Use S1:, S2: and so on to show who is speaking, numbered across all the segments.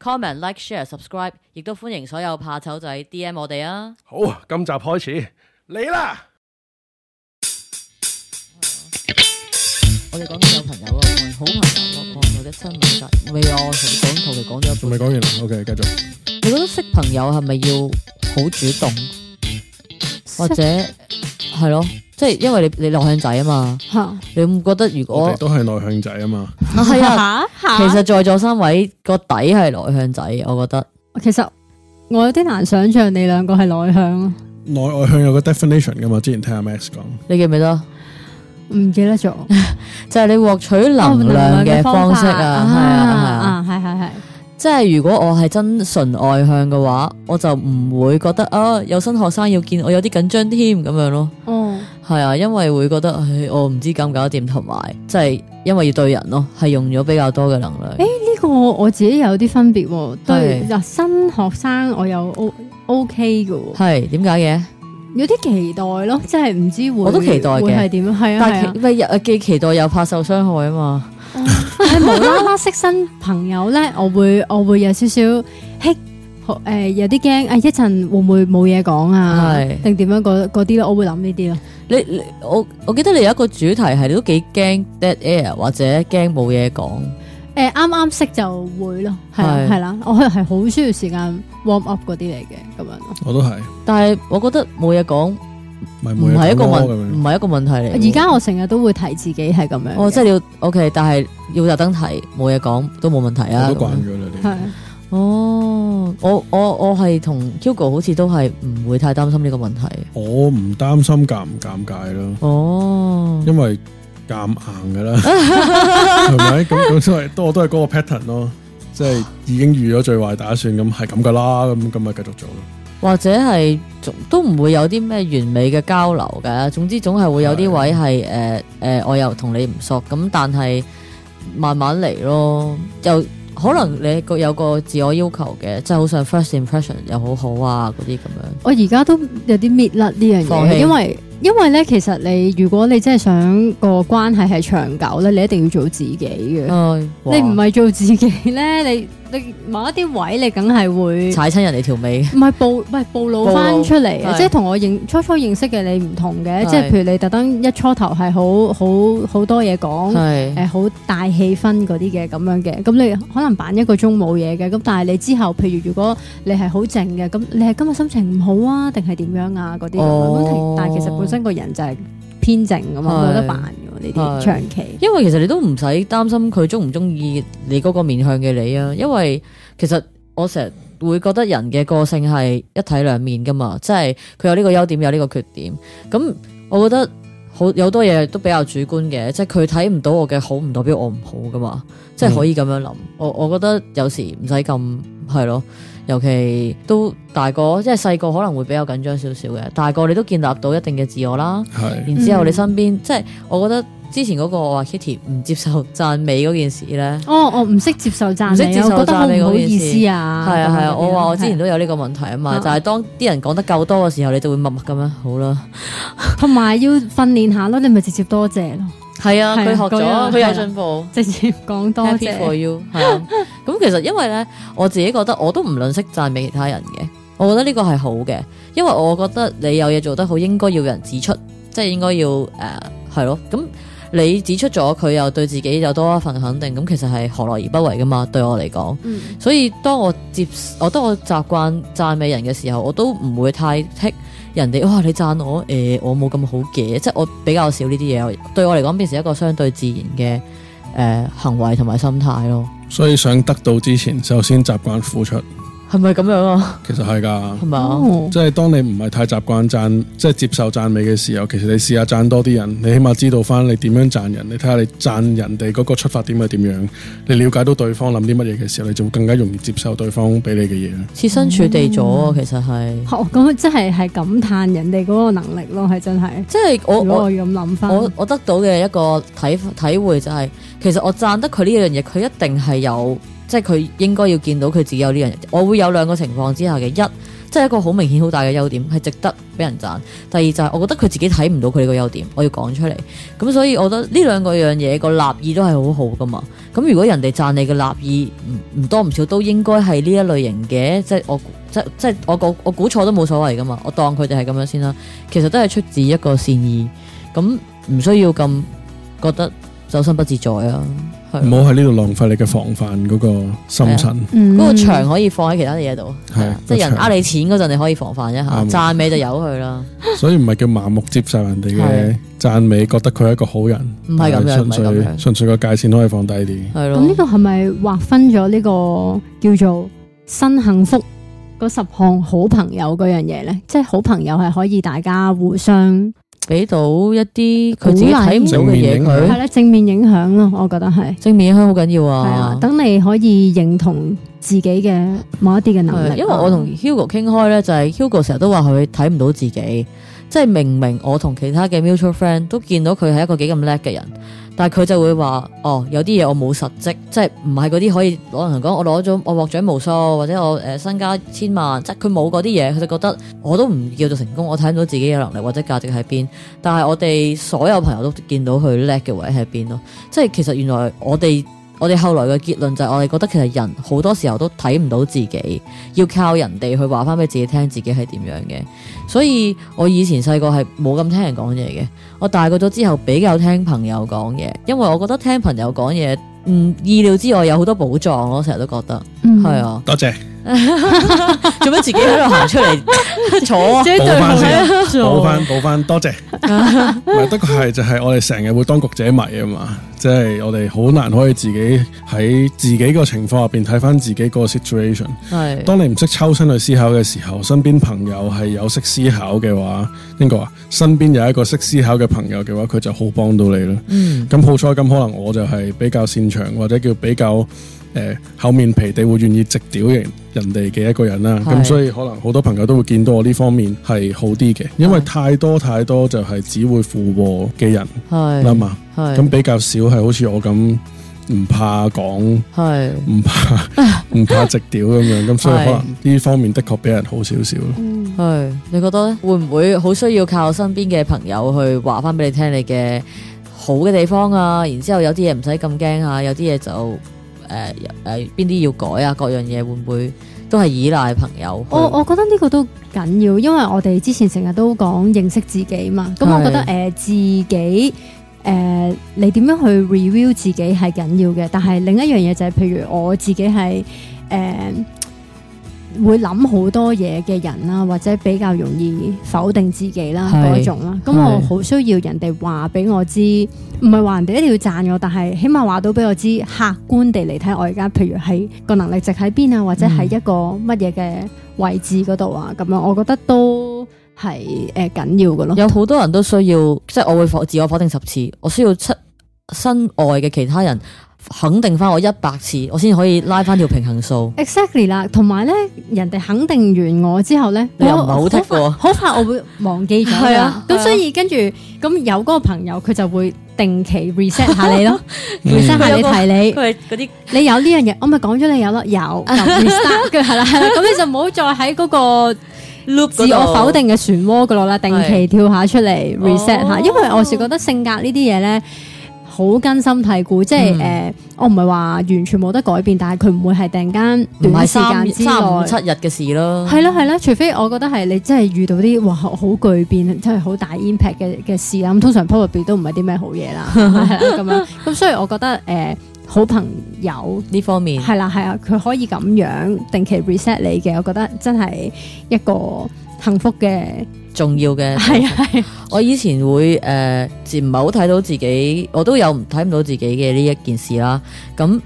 S1: Comment like, share、Like、Share、Subscribe，亦都歡迎所有怕醜仔 DM 我哋啊！
S2: 好，今集開始
S1: 嚟啦！ 我哋講到有朋友啊，我好朋友啊，朋友的親密關係未？我
S2: 同你講同佢講咗一半未講完 o、okay, k 繼續。
S1: 你覺得識朋友係咪要好主動，識或者係咯？即係因為你你內向仔啊嘛，啊你唔覺得如果我都係內向仔啊嘛？係啊，啊啊其實在座三位個底係內向仔，我覺得
S3: 其實我有啲難想象你兩個係內向啊。
S1: 內外向有個 definition 噶嘛？之前聽阿 Max 講，
S3: 你記唔記得？唔記得咗
S1: 就係你獲取能量嘅方式啊，係啊，係啊，係係係。即係如果我係真純外向嘅話，我就唔會覺得啊。有新，新學生要見我有緊張，有啲緊張添咁樣咯。係啊，因為會覺得，哎、我唔知咁搞掂，同埋即係因為要對人咯，係用咗比較多嘅能量。誒、哎，
S3: 呢、這個我自己有啲分別喎，對新對學生我又 O，OK 嘅。
S1: 係點解嘅？
S3: 有啲期待咯，即係唔知會，我都期待嘅係點，係啊，但係唔既
S1: 期待又怕受傷害啊嘛。
S3: 係無啦啦識新朋友咧， 我會我會有少少 h 誒，有啲驚，誒一陣會唔會冇嘢講啊？係定點樣嗰嗰啲咧？我會諗呢啲咯。你你我我記得你有一個
S1: 主題係你都幾驚 dead air 或者驚冇嘢講。
S3: 誒，啱啱識就會咯，係係啦，我係係好需要時間 warm up 嗰啲嚟嘅，咁樣。我
S1: 都係，但係我覺得冇嘢講
S3: 唔係一個問
S1: 唔係一個問題嚟。而家
S3: 我成日都會提自己係咁樣，我即
S1: 係要 OK，但係要特登提冇嘢講都冇問題啊。都慣咗啦，你。哦，我我我係同 Hugo 好似都係唔會太擔心呢個問題。
S2: 我唔擔心尷唔尷尬咯。哦，因為尷硬噶啦，係咪？ 咁咁都係都都係嗰個 pattern 咯，即係已經預咗最壞打算，咁係咁噶啦，咁咁咪繼續做咯。
S1: 或者係都唔會有啲咩完美嘅交流嘅，總之總係會有啲位係誒誒，我又同你唔熟，咁但係慢慢嚟咯，又。又可能你個有個自我要求嘅，即係好想 first impression 又好好啊嗰啲咁樣。
S3: 我而家都有啲搣甩呢樣嘢，因為因為咧，其實你如果你真係想個關係係長久咧，你一定要做自己嘅。啊、你唔係做自己咧，你。某你某一啲位，你梗係會
S1: 踩親人哋條尾。
S3: 唔係暴，唔係暴露翻出嚟，露即係同我認是初初認識嘅你唔同嘅。是即係譬如你特登一初頭係好好好多嘢講，誒好是、呃、大氣氛嗰啲嘅咁樣嘅。咁你可能扮一個鐘冇嘢嘅。咁但係你之後，譬如如果你係好靜嘅，咁你係今日心情唔好啊，定係點樣啊嗰啲？問題哦、但係其實本身個人就係偏靜咁啊，冇得扮。
S1: 呢啲長期，因為其實你都唔使擔心佢鍾唔鍾意你嗰個面向嘅你啊，因為其實我成日會覺得人嘅個性係一體兩面㗎嘛，即係佢有呢個優點有呢個缺點，咁我覺得好有好多嘢都比較主觀嘅，即係佢睇唔到我嘅好唔代表我唔好㗎嘛，即係是的 可以咁樣諗，我我覺得有時唔使咁係咯。尤其都大個，即係細個可能會比較緊張少少嘅，大個你都建立到一定嘅自我啦。係是。然之後你身邊，嗯、即係我覺得之前嗰、那個話 Kitty 唔接受讚美嗰件事咧，
S3: 哦哦，唔識接受讚美，讚美我覺得好唔好意思啊。係啊係啊，啊啊我話我之前
S1: 都有呢個問題啊嘛，啊就係當啲人講得夠多嘅時候，你就會默默咁樣好啦。
S3: 同 埋要訓練下咯，你咪直接多謝咯。係 啊，佢學咗，佢的有進步，啊。直接講多謝。Happy for you，係啊。
S1: 咁其實因為咧，我自己覺得我都唔吝嗇讚美其他人嘅，我覺得呢個係好嘅，因為我覺得你有嘢做得好，應該要有人指出，即係應該要誒係、呃、咯。咁你指出咗佢又對自己又多一份肯定，咁其實係何樂而不為噶嘛？對我嚟講，嗯、所以當我接，我當我習慣讚美人嘅時候，我都唔會太剔。人哋話哇，你讚我，誒、呃，我冇咁好嘅，即係我比較少呢啲嘢，對我嚟講變成一個相對自然嘅誒、呃、行為同埋心態咯。
S2: 所以想得到之前，首先習慣付出。
S1: 係咪咁樣啊？
S2: 其實係噶，係
S1: 咪啊？即係
S2: 當你唔係太習慣讚，即係接受讚美嘅時候，其實你試下讚多啲人，你起碼知道翻你點樣讚人。你睇下你讚人哋嗰個出發點係點樣，你了解到對方諗啲乜嘢嘅時候，你就會更加容易接受對方俾你嘅嘢。
S1: 設身處地咗，其實係，
S3: 哦，咁啊，真係係感嘆人哋嗰個能力咯，係真係。即係我我咁諗翻，我我得到
S1: 嘅一個體體會就係，其實我讚得佢呢樣嘢，佢一定係有。即係佢應該要見到佢自己有呢樣嘢，我會有兩個情況之下嘅，一即係、就是、一個好明顯好大嘅優點，係值得俾人讚。第二就係我覺得佢自己睇唔到佢個優點，我要講出嚟。咁所以我覺得呢兩個樣嘢個立意都係好好噶嘛。咁如果人哋讚你嘅立意唔多唔少，都應該係呢一類型嘅。即係我即即係我我估錯都冇所謂噶嘛。我當佢哋係咁樣先啦。其實都係出自一個善意，咁唔需要咁覺得走心不自在啊。唔好喺
S2: 呢度浪費你嘅防範嗰個心神，嗰個牆可
S1: 以放喺其他嘢度，即係人呃你錢嗰陣，你可以防範一
S3: 下，讚美就由佢啦。
S2: 所以唔係叫盲目接受人哋嘅讚美，覺得佢係一個好人，唔係咁樣，純粹純粹個界線可以放低啲。係
S3: 咯，咁呢個係咪劃分咗呢個叫做新幸福嗰十項好朋友嗰樣嘢咧？即係好朋友係可以大家互相。俾到一啲佢自己睇唔到嘅嘢，係咧，正面影響咯，我覺得係正面影響好緊要啊。係啊，等你可以認同自己嘅某一啲嘅能力。因為我同
S1: Hugo 傾開咧，就係、是、Hugo 成日都話佢睇唔到自己，即係明明我同其他嘅 mutual friend 都見到佢係一個幾咁叻嘅人。但係佢就會話：哦，有啲嘢我冇實績，即係唔係嗰啲可以攞人講，我攞咗我獲獎無數，或者我、呃、身家千萬，即係佢冇嗰啲嘢，佢就覺得我都唔叫做成功，我睇唔到自己嘅能力或者價值喺邊。但係我哋所有朋友都見到佢叻嘅位喺邊咯，即係其實原來我哋。我哋後來嘅結論就係我哋覺得其實人好多時候都睇唔到自己，要靠人哋去話返俾自己聽自己係點樣嘅。所以我以前細個係冇咁聽人講嘢嘅，我大個咗之後比較聽朋友講嘢，因為我覺得聽朋友講嘢，嗯，意料之外有好多寶藏咯，成日都覺得，嗯，係啊，多謝。做 乜自己喺度行出嚟 坐、啊？補翻先，補
S2: 翻補翻，多謝。唔係， 不過係就係、是、我哋成日會當局者迷啊嘛，即、就、係、是、我哋好難可以自己喺自己個情況入邊睇翻自己個 situation。係是，當你唔識抽身去思考嘅時候，身邊朋友係有識思考嘅話，應該話，身邊有一個識思考嘅朋友嘅話，佢就好幫到你囉。咁、嗯、好彩咁，可能我就係比較擅長，或者叫比較。誒，厚、呃、面皮地會願意直屌人哋嘅一個人啦，咁是所以可能好多朋友都會見到我呢方面係好啲嘅，是因為太多太多就係只會附和嘅人，
S1: 係嘛？咁比
S2: 較少係好似我咁唔怕講，係唔是怕唔 怕直屌咁樣，咁 所以可能呢方面的確比人好少少
S1: 咯。係你覺得咧？會唔會好需要靠身邊嘅朋友去話翻俾你聽你嘅好嘅地方啊？然之後有啲嘢唔使咁驚啊，有啲嘢就。誒誒，邊啲、呃呃、要改啊？各樣嘢會唔會都係依賴朋友？我
S3: 我覺得呢個都緊要，因為我哋之前成日都講認識自己嘛，咁是我覺得誒、呃、自己誒、呃，你點樣去 review 自己係緊要嘅，但係另一樣嘢就係、是，譬如，我自己係誒。呃會諗好多嘢嘅人啦，或者比較容易否定自己啦嗰是 種啦，咁是 我好需要人哋話俾我知，唔係話人哋一定要讚我，但係起碼話到俾我知，客觀地嚟睇我而家，譬如喺個能力值喺邊啊，或者喺一個乜嘢嘅位置嗰度啊，咁樣、嗯、我覺得都係誒緊要嘅咯。有
S1: 好多人都需要，即、就、係、是、我會否自我否定十次，我需要出身外嘅其他人。肯定翻我一百次，我先可以拉翻條平衡數。
S3: Exactly 啦，同埋咧，人哋肯定完我之後咧，你又唔好剔過，好怕我會忘記咗。係啊，咁所以跟住咁有嗰個朋友，佢就會定期 reset 下你咯，reset 下你提你，佢嗰啲你有呢樣嘢，我咪講咗你有咯，有 reset 嘅係啦，咁你就唔好再喺嗰個自我否定嘅漩渦嗰度啦，定期跳下出嚟 reset 下，因為我是覺得性格呢啲嘢咧。好根深蒂固，即係誒，呃嗯、我唔係話完全冇得改變，但係佢唔會係突然間短時間之內三五七日
S1: 嘅事咯。係
S3: 啦係啦，除非我覺得係你真係遇到啲哇好巨變，真係好大 impact 嘅嘅事啦。咁通常 probably 都唔係啲咩好嘢啦，啦咁樣。咁所以我覺得誒、呃，好朋友呢方面係啦係啊，佢、啊啊、可以咁樣定期 reset 你嘅，我覺得真係一個幸福嘅。
S1: 重要嘅係啊，係，我以前會誒，唔係好睇到自己，我都有唔睇唔到自己嘅呢一件事啦。咁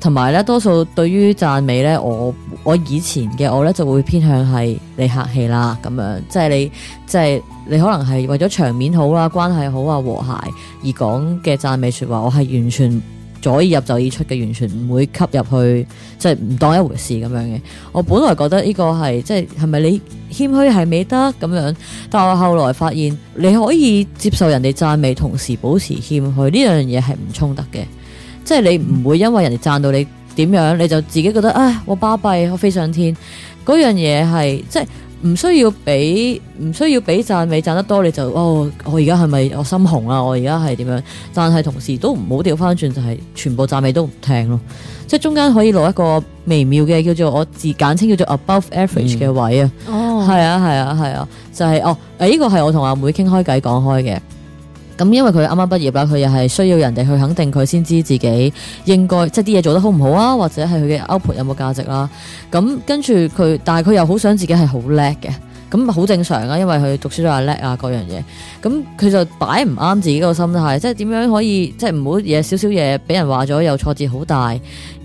S1: 同埋咧，多數對於讚美咧，我我以前嘅我咧就會偏向係你客氣啦，咁樣，即係你即係、即係、你可能係為咗場面好啦、關係好啊、和諧而講嘅讚美說話，我係完全。左耳入右耳出嘅，完全唔會吸入去，即係唔當一回事咁樣嘅。我本來覺得呢個係即係係咪你謙虛係美德咁樣，但我後來發現你可以接受人哋讚美，同時保持謙虛呢樣嘢係唔衝突嘅，即係你唔會因為人哋讚到你點樣，你就自己覺得啊我巴閉我飛上天嗰樣嘢係即係。唔需要俾唔需要俾讚美，讚得多你就哦，我而家係咪我心紅啊？我而家係點樣？但係同時都唔好掉翻轉，就係、是、全部讚美都唔聽咯。即係中間可以攞一個微妙嘅叫做我自簡稱叫做 above average 嘅位啊、嗯。哦，係啊，係啊，係啊，啊，就係、是、哦。誒，呢個係我同阿妹傾開偈講開嘅。咁因為佢啱啱畢業啦，佢又係需要人哋去肯定佢先知自己應該即係啲嘢做得好唔好啊，或者係佢嘅 output 有冇價值啦。咁跟住佢，但係佢又好想自己係好叻嘅，咁好正常啊。因為佢讀書都係叻啊，各樣嘢。咁佢就擺唔啱自己嗰個心態，即係點樣可以即係唔好嘢少少嘢俾人話咗又挫折好大，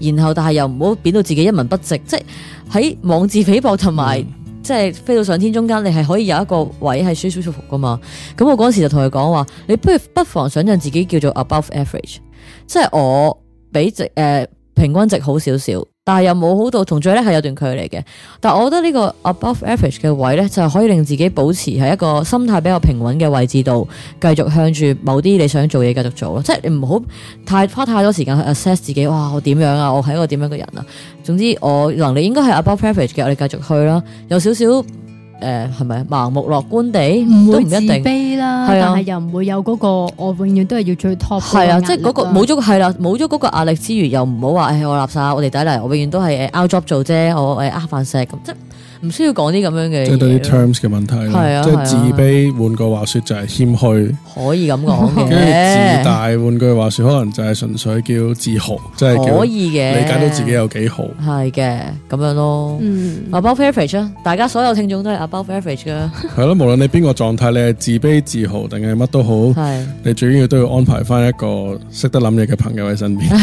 S1: 然後但係又唔好貶到自己一文不值，即係喺妄自菲薄同埋。.即係飛到上天中間，你係可以有一個位係舒舒服服噶嘛？咁我嗰時就同佢講話，你不如不妨想象自己叫做 above average，即係我比值誒、呃、平均值好少少，但係又冇好到，同最叻係有段距離嘅，但係我覺得呢個 above average 嘅位咧，就係可以令自己保持喺一個心態比較平穩嘅位置度，繼續向住某啲你想做嘢，繼續做咯，即係你唔好太花太多時間去 assess 自己，哇，我點樣啊，我係一個點樣嘅人啊，總之我能力應該係 above average 嘅，我哋繼續去啦，有少少。誒，係咪、呃、盲目樂觀地會都唔一定自卑啦？係、嗰個，啊，又
S3: 唔會有嗰個我永遠都係要最 top 嘅壓力。係啊，即係嗰、嗰個冇咗係
S1: 啦，冇咗嗰個壓力之餘，又唔好話誒我垃圾，我哋第一嚟，我永遠都係誒 out job 做啫，我誒呃飯食咁即。唔需要講啲咁樣嘅，即係對啲 terms
S2: 嘅問題。係是啊，即係自卑，換個話說就係謙虛，可以咁講。跟住自大，換句話說，可能就係純粹叫自豪，即係可以嘅，理解到自己有幾好。
S1: 係嘅，咁樣咯。嗯、above average 啊，大家所有聽眾都係 above average 噶。
S2: 係咯，無論你邊個狀態，你係自卑、自豪，定係乜都好，係是的 你最緊要都要安排翻一個識得諗嘢嘅朋友喺身邊。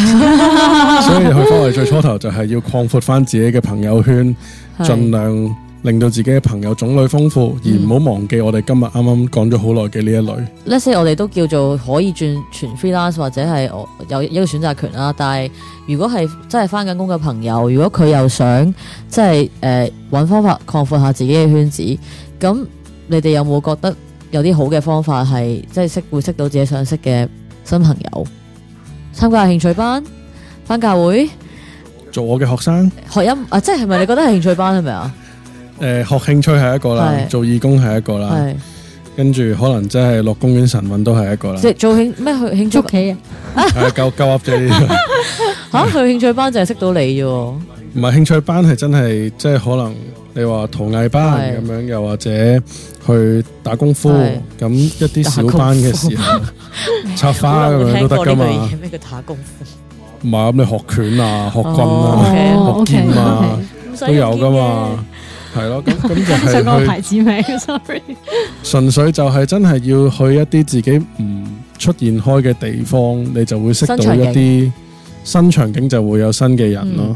S2: 所以去返我哋最初頭就係要擴闊翻自己嘅朋友圈。盡量令到自己嘅朋友種類豐富，而唔好忘記我哋今日啱啱講咗好耐嘅呢一類。
S1: 呢些我哋都叫做可以轉全 freelance 或者係我有一個選擇權啦。但係如果係真係翻緊工嘅朋友，如果佢又想即係誒，揾方法擴闊下自己嘅圈子，咁你哋有冇覺得有啲好嘅方法係即係識會識到自己想識嘅新朋友？參加興趣班，翻教會。
S2: 做我嘅學生，
S1: 學音啊，即係咪你覺得係興趣班係咪啊？
S2: 誒，學興趣係一個啦，做義工係一個啦，跟住可能即係落公園晨運都係一個啦。即係
S1: 做咩？去興趣班啊？
S2: 夠夠 up 啲，
S1: 吓去興趣班就係識到你啫。
S2: 唔係興趣班係真係即係可能你話陶藝班咁樣，又或者去打功夫咁一啲小班嘅時
S1: 候。插花咁
S2: 樣都得噶嘛？咩
S3: 叫打功夫？
S2: 唔係咁，你學拳啊、學棍啊、oh, okay, 學劍啊，都 okay, okay, 有噶嘛，係咯 okay, okay,。咁咁就係個牌
S3: 子名。sorry，
S2: 純粹就係真係要去一啲自己唔出現開嘅地方，你就會識到一啲新場景，就會有新嘅人咯。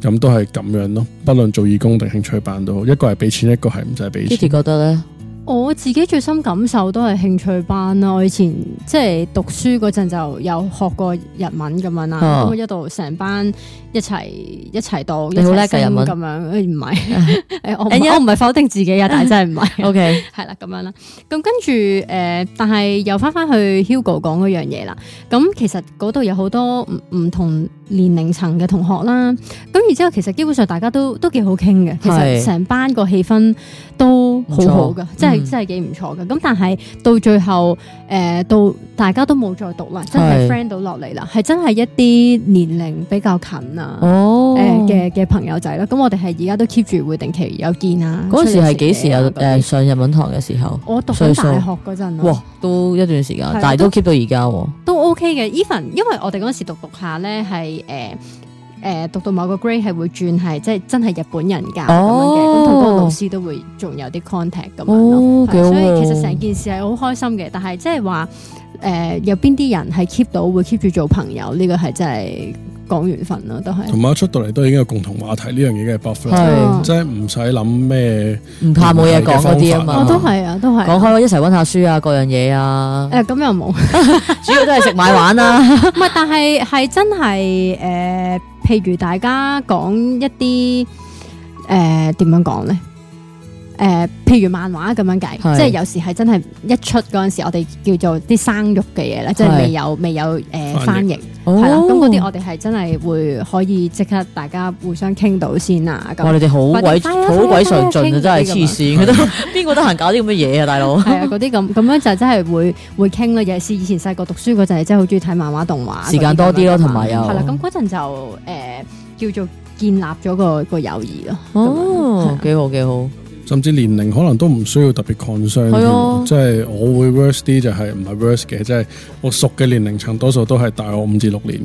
S2: 咁、嗯、都係咁樣咯，不論做義工定興趣班都好，一個係俾錢，一個係唔使係俾錢。Judy
S3: 覺得咧。我自己最深感受都係興趣班啦，我以前即係讀書嗰陣就有學過日文咁樣啦，咁、哦、一度成班一齊一齊讀，一讀你好叻嘅日文咁樣，唔係，我唔係、欸、否定自己啊， 但係真係唔係，OK，係啦咁樣啦，咁跟住誒、呃，但係又翻翻去 Hugo 講嗰樣嘢啦，咁其實嗰度有好多唔唔同年齡層嘅同學啦，咁然後之後其實基本上大家都都幾好傾嘅，其實成班個氣氛都。好好噶，即係真係幾唔錯噶。咁但係到最後，誒、呃，到大家都冇再讀啦，真係 friend 到落嚟啦，係是的 真係一啲年齡比較近啊，哦、呃，誒嘅嘅朋友仔啦。咁、嗯、我哋係而家都 keep 住會定期有見啊。嗰陣時係幾時
S1: 啊？誒些、呃，上日文堂嘅時候，我讀緊大學嗰陣。哇，都一段時間，的但係都 keep 到而家。
S3: 都 OK 嘅，even 因為我哋嗰陣時讀讀下咧，係、呃、誒。誒讀到某個 grade 係會轉係即係真係日本人教咁樣嘅，咁好多老師都會仲有啲 contact 咁樣咯，所以其實成件事係好開心嘅。但係即係話誒，有邊啲人係 keep 到會 keep 住做朋友呢個係真係講緣分咯，都係同
S2: 埋出到嚟都已經有共
S1: 同話題呢樣嘢嘅 buffer，係
S2: 即係唔使諗咩，
S1: 唔怕冇嘢講嗰啲啊嘛，都
S3: 係啊，都係講
S1: 開一齊溫下書啊各樣嘢啊，
S3: 誒咁又冇，主要都係食買玩啦。唔係，但係係真係誒。譬如大家講一啲誒點樣講咧？誒，譬如漫畫咁樣計，即係有時係真係一出嗰陣時，我哋叫做啲生肉嘅嘢啦，即係未有未有誒翻譯，咁嗰啲我哋係真係會可以即刻大家互相傾到先啊！哇，你哋好鬼好鬼上進真係黐線，
S1: 覺得邊個得閒搞啲咁嘅嘢啊，大佬！
S3: 係啊，嗰啲咁咁樣就真係會會傾咯。尤其以前細個讀書嗰陣，真係好中意睇漫畫動畫，時間多啲咯，同埋又係啦。咁嗰陣就誒叫做建立咗個個友誼咯。哦，
S2: 幾好幾好。甚至年齡可能都唔需要特別 concern，即係我會 worse 啲就係唔係 worse 嘅，即係我熟嘅年齡層多數都係大我五至六年，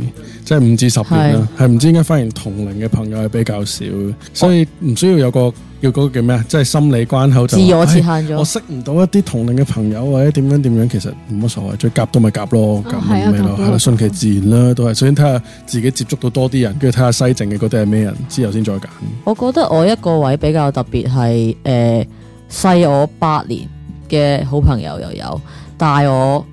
S2: 即係五至十年啦，係唔是知點解反而同齡嘅朋友係比較少，所以唔需要有個。叫嗰個叫咩啊？即係心理關口就自我設限咗，哎。我識唔到一啲同齡嘅朋友或者點樣點樣，其實冇乜所謂。再夾都咪夾咯，夾咪咯，係咯，順其自然啦，啊。都係首先睇下自己接觸到多啲人，跟住睇下西淨嘅嗰啲係咩人，之後先再揀。
S1: 我覺得我一個位比較特別係誒，細、呃、我八年嘅好朋友又有大我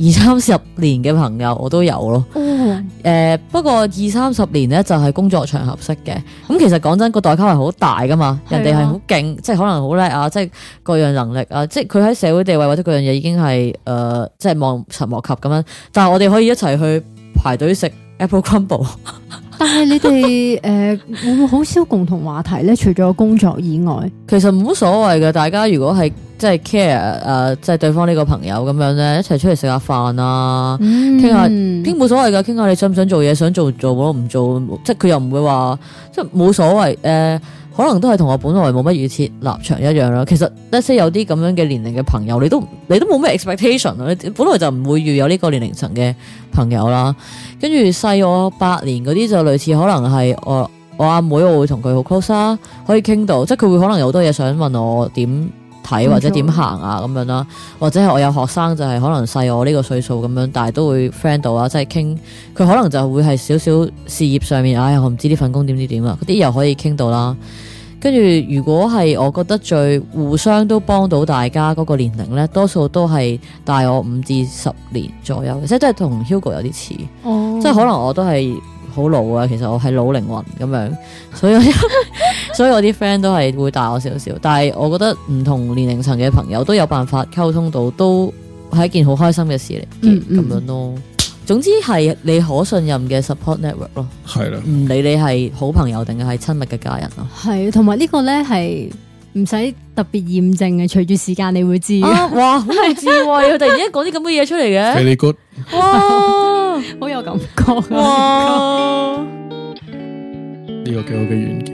S1: 二三十年嘅朋友我都有咯，誒、 呃，不過二三十年呢，就係、是、工作場合識嘅，咁、嗯、其實講真個代溝係好大噶嘛， 人哋係好勁，即係可能好叻啊，即係各樣能力啊，即係佢喺社會地位或者各樣嘢已經係誒、呃，即係望塵莫及咁樣，但係我哋可以一齊去排隊食 Apple Crumble。
S3: 但係你哋誒、呃、會唔會好少共同話題咧？除咗工作以外， 其實冇所謂嘅。大家如果係
S1: 即係 care 誒、呃，即係對方呢個朋友咁樣咧，一齊出嚟食下飯啊，傾、嗯、下傾冇、嗯、所謂噶。傾下你想唔想做嘢，想做做唔做，唔做唔做即係佢又唔會話即係冇所謂誒。呃可能都係同我本來冇乜預設立場一樣咯。其實一 些有啲咁樣嘅年齡嘅朋友，你都你都冇咩 expectation 啊。你本來就唔會遇有呢個年齡層嘅朋友啦。跟住細我八年嗰啲就類似，可能係我我阿妹，我，妹妹我會同佢好 close 啊，可以傾到，即係佢會可能有好多嘢想問我點睇或者點行啊咁樣啦。或者係、啊、錯我有學生就係可能細我呢個歲數咁樣，但係都會 friend 到啊，即係傾。佢可能就會係少少事業上面，唉，我唔知呢份工點點點啊，嗰啲又可以傾到啦。跟住，如果係我覺得最互相都幫到大家嗰個年齡呢，多數都係大我五至十年左右，哦、即係都係同 Hugo 有啲似，即係可能我都係好老啊。其實我係老靈魂咁樣，所以我 所以我啲 friend 都係會大我少少，但係我覺得唔同年齡層嘅朋友都有辦法溝通到，都係一件好開心嘅事嚟，嗯嗯、咁樣咯。總之係你可信任嘅 support network 咯的，係啦，唔理你係好朋友定係親密嘅家人咯，
S3: 係，同埋呢個咧係唔使特別驗證嘅，隨住時間你會知、啊。哇，好係智慧啊！你 突然間講啲咁嘅嘢出嚟嘅 Really good? 哇， 好
S2: 有感覺、啊。呢哇 個
S1: 幾好嘅軟件。